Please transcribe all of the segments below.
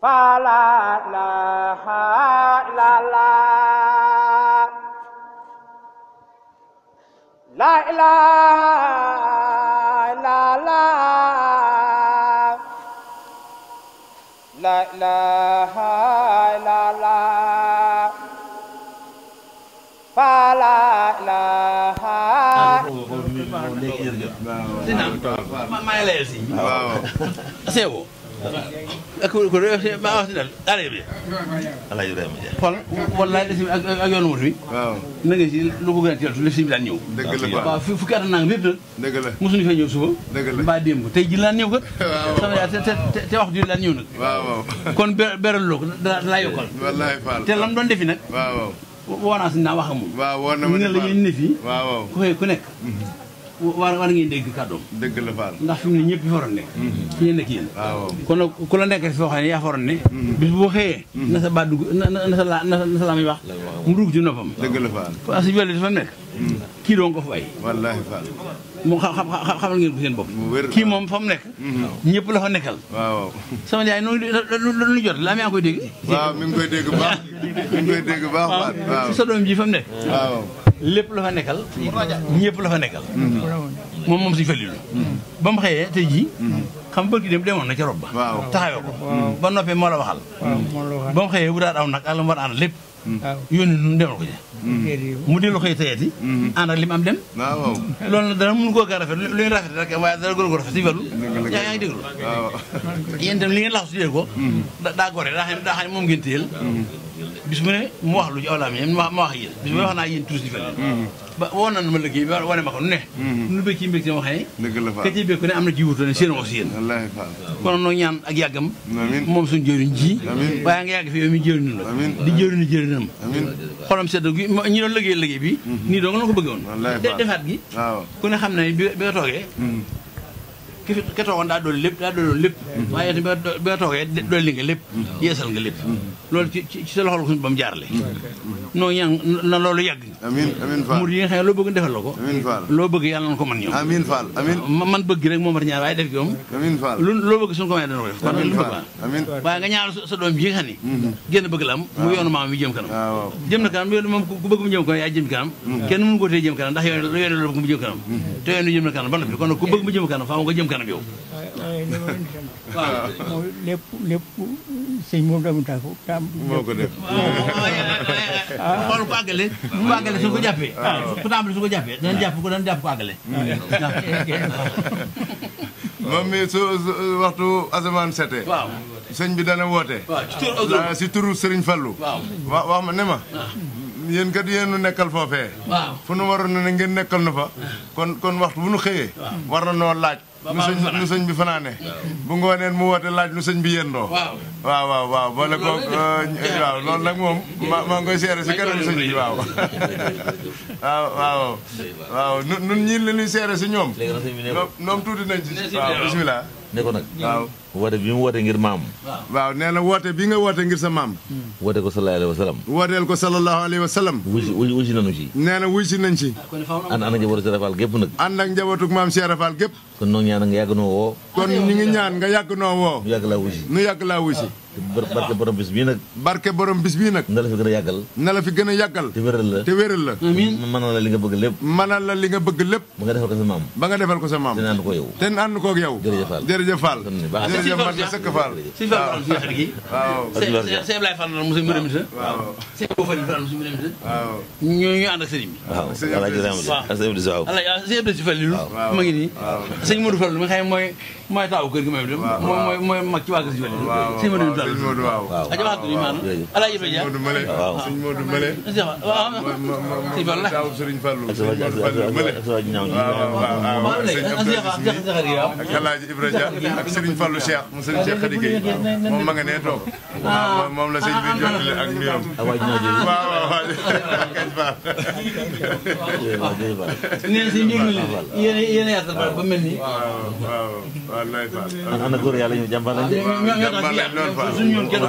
fa la la la la la ilaha la la la ilaha la la fa la la léegi jërëjëf. waaw waaw ak ko ma wax ni bi ala Ibrahima Dia xool wallaay des ak ak yoonu wut wi na nga lu ko gën a teel tu lesi bi daan ñëw waaw fukki at nanga bépp nag dëgg la mosuñu fee ñëw suba mbaa démb tey ji laan ñëw kat sama yaa loo ko da laa yokkal te lam doon defi nag waaw naa si naa wax waaw woo na ma ne la ñuy ne fii ku nekk mhm. war war ngeen dégg kàddoom. dëgg la Fall. ndax fi mu ne ñëpp fi waroon ne. Mm-hmm. fi ngeen nekk yéen. kon ku la nekk si foo xam ne yaa waroon ne. Mm-hmm. bis boo xëyee. Mm-hmm. na sa baat dugg na na sa la na sa la muy wax. mu dugg ci noppam. dëgg la Fall. parce que jëlee dafa nekk. kii doon ko fa ay. wallaahi Fall. moom xam xam xamal ngeen ko seen bopp. kii moom fa mu nekk. ñëpp la fa nekkal. waaw. sama yaay noonu lu jot la am yaa koy dégg. waaw mi ngi koy dégg baax mi ngi koy dégg baax. waaw sa doom ji fa lépp la fa nekkal. ñëpp la fa nekkal. moom moom si fa ba mu xëyee tey jii. xam nga bërki dem demoon na ca rob ba. taxawee ko. ba noppee moo la waxal. ba mu xëyee bu daal aw nag ak la mu war a ànd lépp. waaw yónni nu ko ci. mu dellu xëy te mm-hmm. ànd ak li mu am dem. waaw loolu nag dara mënu koo gën a rafet lu rafet rek waaye dara gën rafet si wàllu. yaa ngi déglu. waaw yéen itam li ngeen laxas tuddee ko. Mm-hmm. daa gore daa xam ne moom ngeen bis mu ne mu wax lu ci aw laa mi ma wax yéen bis mu ne wax naa yéen tuuti fan mm-hmm. ba woon na ma liggéey ba wane ma ko ne nu mm-hmm. bëgg ci mbég si ma xëy ka ci bëgg ne am na ci wuutu ne seen wax si yéen kon noo ñaan ak yàggam moom suñu jëriñ ji waaye nga yàgg fi yow mi jëriñu la di jëriñu jëriñam xolam sedd gi ñi doon liggéey liggéey bi mm-hmm. nii doo nga ko bëggoon defaat gi ku ne xam ne bi nga toogee ki fi ke toogoon daa doon lépp daa doon lépp mhm. waaye itam ba toogee doon li nga lépp mhm. yeesal nga lépp mhm. loolu ci ci sa loxol ko suñu ba mu jaarale noo ñaan na loolu yàgg. amiin amiin Fall mur bëgg defal la ko. amiin Fall loo man bëgg rek moom war ñaar waaye def gi moom. amiin loo bëgg suñu ko may dana def. amiin Fall amiin nga ñaar sa doom ji nga xam mm-hmm. bëgg la am. mu ah. yoonu maam yi jëm kanam. Ah, waaw jëm na kanam yoonu moom ku bëgg mu jëm kanam yaa jëm kanam. Mm-hmm. kenn mënu ko tee kanam ndax yoon yoon bëgg mu jëm kanam. Mm-hmm. te yoon jëm na kanam ba noppi kon ku bëgg mu jëm kanam faaw nga jëm kanam yow. waaw lépp lépp sëñ moom dama taa ko. moo ko def waaw ko àggale. waaw ko àggale su ko jàppee. waaw ko jàppee dinañ jàpp su waxtu asamaan sete. waaw bi dana woote. waaw si turu Serigne Fallou. waaw wax ma ne ma. Ah. yéen kat yéen nekkal foofee. fu fa. Ah. kon kon waxtu bu nu xëyee. war na noo laaj. nu sëñ nu sëñ bi fanaane bu ngooneen mu woote laaj lu sëñ bi yendoo waaw waaw waaw boole ko euh, waaw loolu nag moom ma maa ngi koy seere si kanam sëñ bi waaw waaw seere si ñoom ñoom tuuti nañ si waaw bismillah ne ko nag waaw woote bi mu woote ngir maam waaw nee na woote bi nga woote ngir sa maam hmm. woote ko sallallahu alayhi wa sallam wooteel ko sallallahu alayhi wa sallam wuy wuy si nañu si nee na wuy si nañ si ah, ànd ak njabootu Cheikh Rafal gépp nag ànd ak njabootu maam Cheikh Rafal gépp kon no ñaan nga yag no wo kon ñi ngi ñaan nga yag wo yag la nu yag la ah, barke borom bis bi nak barke borom bis bi nak na la fi gëna yagal na la fi gëna yagal te wëral la te wëral la amin man la li nga bëgg lepp man la li nga bëgg lepp ba nga defal ko sa mam ba nga defal ko sa mam ten and ko yow ten and ko yow jërëjëfal jërëjëfal jërëjëf man sëkk faal ci faal ci xet gi waaw c'est blay faal mu sey mërëm sa waaw c'est ko faal faal mu mërëm sa waaw ñu ñu and ak sëriñ bi waaw ala jërëm ala jërëm lu ma ngi ni sëñ Modou Fall mi nga xam ne mooy mooy taawu kër gi may dem. waaw mooy mooy mag ci waa kër si wàllu. waaw waaw sëñ Modou Tall waaw waaw waaw waaw sëñ Modou Mbale. waaw sëñ Modou Mbale. waaw sëñ Fallou la. taawu Serigne Fallou. Serigne Fallou Mbale. waaw waaw waaw sëñ Abdoulaye ak El Hadj Ibrahima ak Serigne Fallou Cheikh mu Serigne Cheikh Khady Gueye moom ma nga nee toog. waaw ah, moom la sëñ bi jottali ak mbiram. waaw waaw waaw. nee na si njëriñu la yéen a yaatal ba mel nii. waaw waaw. ana góor yàlla ñu jàmbaar lañ lool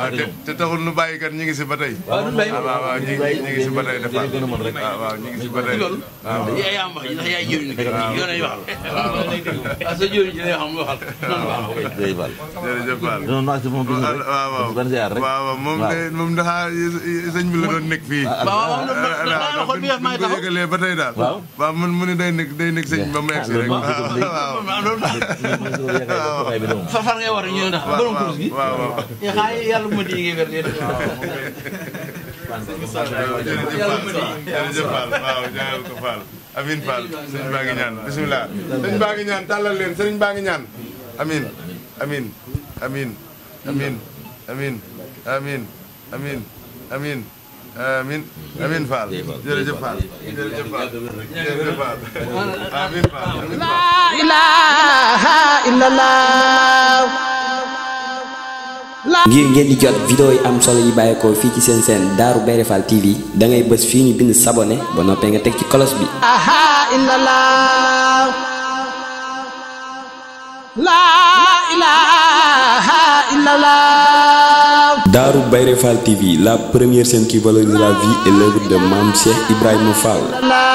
Fall te taxul nu bàyyi kat ñu ngi si ba tey waaw ah, waaw ñu ngi si ba tey defal ah, waaw ñu ngi si ba tey waaw yaay am wax ndax yaay jëriñ yoon ay waxal ah, waaw sa jëriñ ci lay xam waxal noonu baax jërëjëf Fall jërëjëf Fall non non ci moom bi waaw waaw moom de moom ndax sëñ bi la doon nekk fii waaw ba tey daal waaw man mu ne day nekk day nekk sëñ ba mu egsi rek waaw la kay def kay bi doom fa far ngay war ñu ndax borom kurus gi waaw waaw ya xay yàlla bu ma di ngay wér jërëjëf Fall waaw jërëjëf ko Fall amin Fall sëñ baa ngi ñaan bisimilah sëñ baa ngi ñaan tàllal leen sëñ baa ngi ñaan amin amin amin amin amin amin amin amin iya, amin Fall jërëjëf jepal, jërëjëf jepal, jërëjëf jepal, amin Fall iya, la ilaha illallah ngir ngeen di jot vidéo yi am solo yi bàyyeekoo fii ci seen seen Darou Bairé TV da ngay bës fii ñu bind sabonné ba noppee nga teg ci kolos bi. La ilaha illallah. Darou Bayrefal TV, la première scène qui valorise la vie et l'œuvre de Mam Cheikh Ibrahim Fall.